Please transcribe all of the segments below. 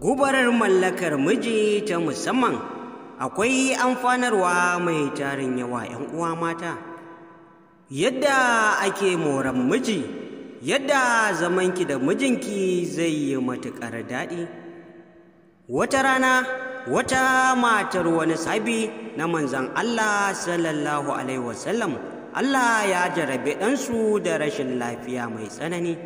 gubarar mallakar miji ta musamman akwai amfanarwa mai tarin yawa 'yan uwa mata yadda ake moran miji yadda zamanki da mijinki zai yi matuƙar daɗi wata rana wata matar wani sabi na manzan Allah sallallahu alaihi wasallam Allah ya jarabe ɗansu da rashin lafiya mai tsanani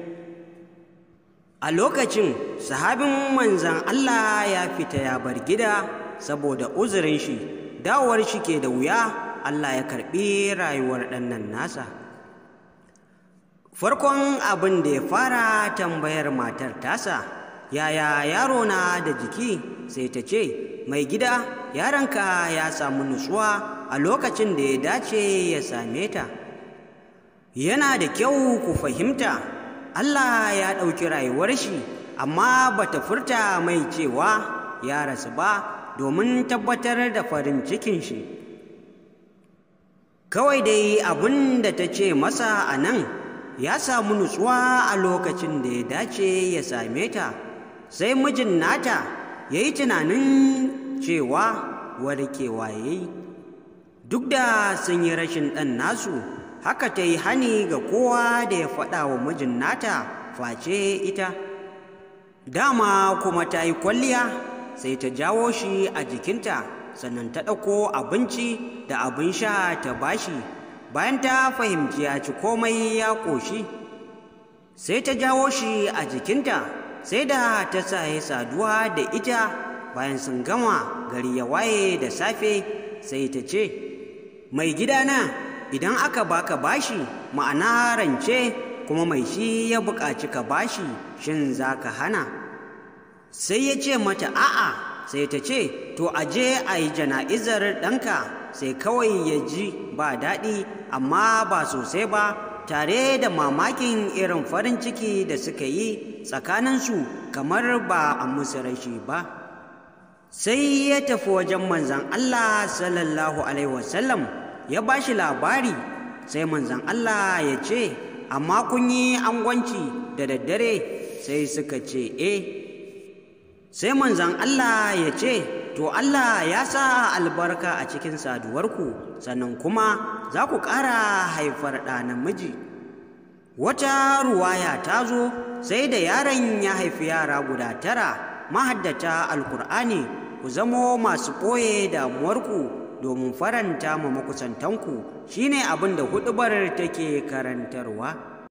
a lokacin sahabin manzan Allah ya fita ya bar gida saboda uzurin shi dawar shi ke da wuya Allah ya karɓi rayuwar ɗannan nasa farkon abin da ya fara tambayar matar tasa yaya yaro na da jiki sai ta ce mai gida yaranka ya samu nutsuwa a lokacin da ya dace ya same ta yana da kyau ku fahimta allah ya ɗauki rayuwar shi amma bata furta mai cewa ya rasu ba domin tabbatar da farin cikin shi kawai dai abin da ta ce masa a nan ya samu nutsuwa a lokacin da ya dace ya same ta sai mijin nata ya yi tunanin cewa warkewa ya yi duk da sun yi rashin ɗan nasu haka ta yi hani ga kowa da ya faɗa wa mijin nata face ita dama kuma ta yi kwalliya sai ta jawo shi a jikinta sannan ta ɗauko abinci da abin sha ta bashi bayan ta fahimci ya ci komai ya ƙoshi sai ta jawo shi a jikinta sai da ta sa ya saduwa da ita bayan sun gama gari ya waye da safe sai ta ce mai gidana idan aka baka bashi ma'ana rance kuma mai shi ya buƙaci ka bashi shin za ka hana sai ya ce mata a'a sai ta ce to aje a yi jana'izar ɗanka sai kawai ya ji ba daɗi amma ba sosai ba tare da mamakin irin farin ciki da suka yi tsakaninsu kamar ba a musu rashi ba sai ya tafi wajen manzan Allah sallallahu alaihi wasallam ya ba shi labari sai manzan Allah ya ce amma kun yi angwanci da daddare sai suka ce eh sai manzan Allah ya ce to Allah ya sa albarka a cikin saduwarku sannan kuma za ku ƙara haifar ɗa namiji wata ruwaya ta zo sai da yaron ya haifi yara guda tara mahaddata alkur'ani ku zamo masu ɓoye damuwarku domin faranta ma makusantanku shine abin da huɗubar take karantarwa